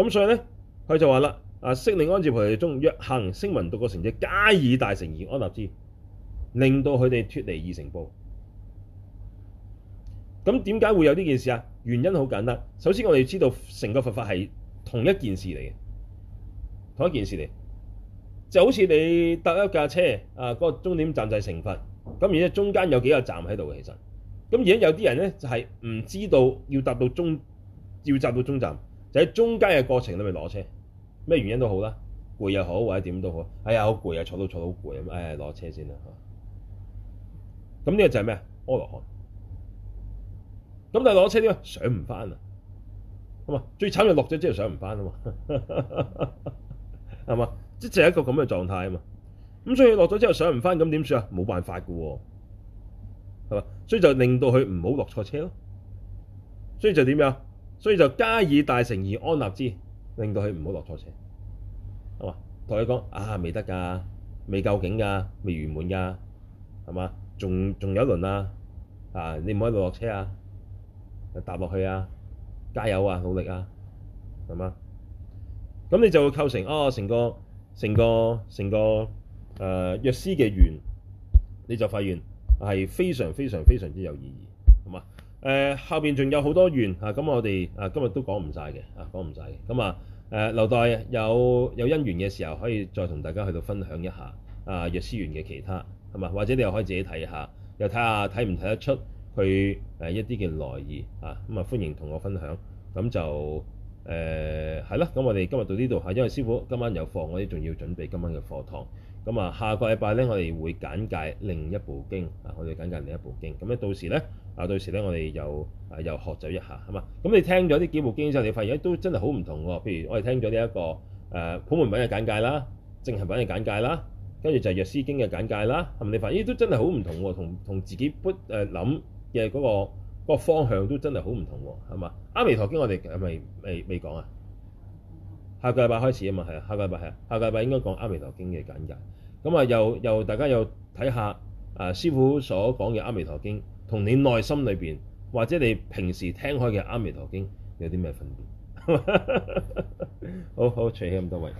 咁所以咧，佢就話啦，啊，悉令安置菩提中，若行聲聞獨覺乘者，皆以大乘而安立之，令到佢哋脱離二乘報。咁點解會有呢件事啊？原因好簡單，首先我哋要知道成個佛法係同一件事嚟嘅，同一件事嚟，就好似你搭一架車啊，嗰個終點站就係成佛，咁而家中間有幾個站喺度嘅，其實，咁而家有啲人咧就係唔知道要搭到中，要搭到中站，就喺中間嘅過程裏面攞車，咩原因都好啦，攰又好或者點都好，哎呀好攰啊，坐到坐到好攰咁，哎攞車先啦嚇，咁呢個就係咩啊？阿羅漢。咁就攞車點啊？上唔翻啊嘛！最慘就落咗之後上唔翻啊嘛，係嘛？即係一個咁嘅狀態啊嘛。咁所以落咗之後上唔翻，咁點算啊？冇辦法嘅喎，係嘛？所以就令到佢唔好落錯車咯。所以就點樣？所以就加以大乘而安立之，令到佢唔好落錯車。係嘛？同佢講啊，未得㗎，未夠警㗎，未完滿㗎，係嘛？仲仲有一輪啊！啊，你唔好喺度落車啊！踏落去啊！加油啊！努力啊！係嘛？咁你就會構成哦，成個成個成個誒藥師嘅願，你就發現係非常非常非常之有意義，係嘛？誒、呃、後邊仲有好多願啊！咁我哋啊今日都講唔晒嘅啊，講唔晒嘅咁啊誒、呃，留待有有因緣嘅時候可以再同大家去到分享一下啊，藥師願嘅其他，係嘛？或者你又可以自己睇下，又睇下睇唔睇得出？佢誒一啲嘅內意啊，咁啊歡迎同我分享。咁就誒係咯。咁、呃、我哋今日到呢度嚇，因為師傅今晚有課，我哋仲要準備今晚嘅課堂。咁啊，下個禮拜咧，我哋會簡介另一部經啊，我哋簡介另一部經。咁咧到時咧啊，到時咧我哋又啊又學習一下啊嘛。咁你聽咗呢幾部經之後，你發現、哎、都真係好唔同喎。譬如我哋聽咗呢一個誒、啊、普門品嘅簡介啦，淨行品嘅簡介啦，跟住就係藥師經嘅簡介啦。咁、嗯、你發現都真係好唔同喎，同同自己不誒諗嘅嗰個嗰個方向都真係好唔同喎，係嘛？阿彌陀經我哋係咪未未講啊？下個禮拜開始啊嘛，係啊，下個禮拜係啊，下個禮拜應該講阿彌陀經嘅簡介。咁啊，又又大家又睇下啊，師傅所講嘅阿彌陀經同你內心裏邊或者你平時聽開嘅阿彌陀經有啲咩分別？好 <laughs> 好，多謝咁多位。